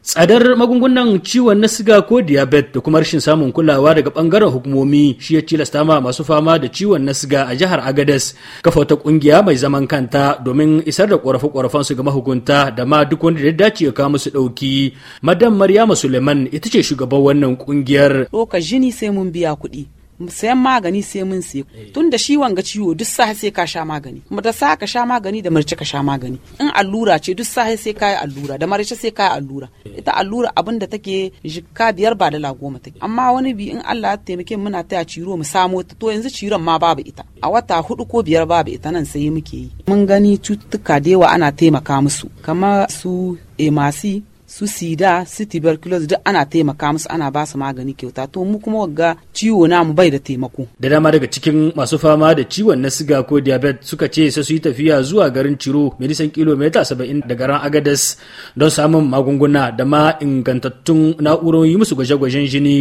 tsadar magungunan ciwon na siga ko diabet da kuma rashin samun kulawa daga bangaren hukumomi shi ya tilasta ma masu fama da ciwon na siga a jihar agades kafa wata kungiya mai zaman kanta domin isar da korafe korafen su ga mahukunta da ma duk wanda ya dace ya kawo musu dauki madam maryama suleiman ita ce shugaban wannan kungiyar doka jini sai mun biya kuɗi sayan magani sai mun sai eh. tun da shi wanga ciwo duk sahi sai ka sha magani kuma da sa ka sha magani da marce ka sha magani in allura ce duk sahi sai ka yi allura da marci sai ka yi allura eh. ita allura abin da take jikka biyar ba da goma take amma wani bi in Allah ya taimake muna taya ciro mu samo ta to yanzu ciron ma babu ita a wata hudu ko biyar babu ita nan sai muke yi mun gani cututtuka da yawa ana taimaka musu kamar su emasi su sida su tuberculosis duk ana taimaka musu ana ba su magani kyauta to mu kuma ga ciwo mu bai da taimako da dama daga cikin masu fama da ciwon na siga ko diabetes suka ce sai su yi tafiya zuwa garin ciro mai nisan kilomita saba'in da garin agadas don samun magunguna da ma ingantattun na'urorin musu gwaje-gwajen jini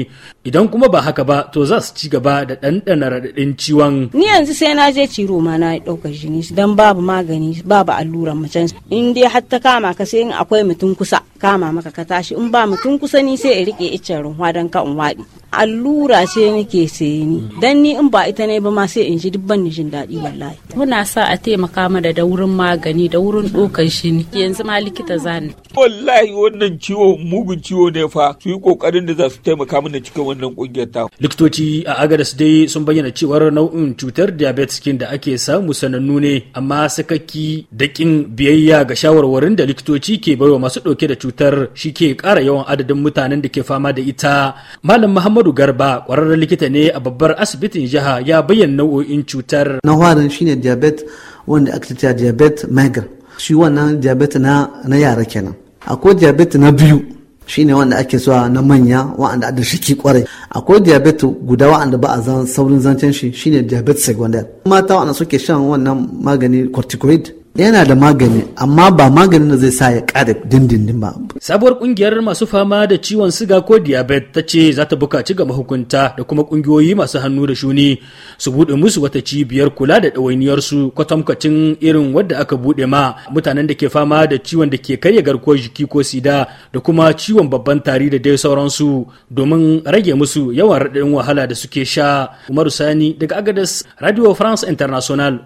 idan kuma ba haka ba to za su ci gaba da ɗanɗana raɗaɗin ciwon ni yanzu sai na je ciro ma na ɗaukar jini don babu magani babu alluran macen in dai har ta kama ka sai in akwai mutum kusa kama maka ka tashi in ba mutum kusa ni sai in rike iccen ruwa don ka in waɗi allura ce nake saye ni dan ni in ba ita ne ba ma sai in ji dubban ban jin daɗi wallahi muna sa a taimaka mana da wurin magani da wurin ɗokan shi yanzu ma likita zani wallahi wannan ciwo mugun ciwo ne fa su yi kokarin da za su taimaka mana cikin wannan kungiyar ta likitoci a agadas dai sun bayyana cewar nau'in cutar diabetes kin da ake samu sanannu ne amma sakaki da kin biyayya ga shawarwarin da likitoci ke baiwa masu dauke da cutar shi ke kara yawan adadin mutanen da ke fama da ita malam muhammadu garba kwararren likita ne a babbar asibitin jiha ya bayyana nau'o'in cutar na shine diabetes wanda aka cewa diabetes migraine shi wannan diabet na na yara kenan akwai diabet na biyu shine wanda ake so na manya wa'anda da shiki kwarai akwai diabet guda wa'anda ba a zan saurin zancen shi shine diabet secondary mata wa'anda suke shan wannan magani corticoid yana da magani amma ba maganin da zai sa ya kada dindindin ba. Sabuwar kungiyar masu fama da ciwon siga ko diabet ta ce za ta bukaci ga mahukunta da kuma kungiyoyi masu hannu da shuni su buɗe musu wata cibiyar kula da ɗawainiyarsu kwatankwacin irin wadda aka buɗe ma mutanen da ke fama da ciwon da ke karya garkuwar jiki ko sida da kuma ciwon babban tari da dai sauransu domin rage musu yawan raɗaɗin wahala da suke sha. Umaru Sani daga Agadas Radio France International.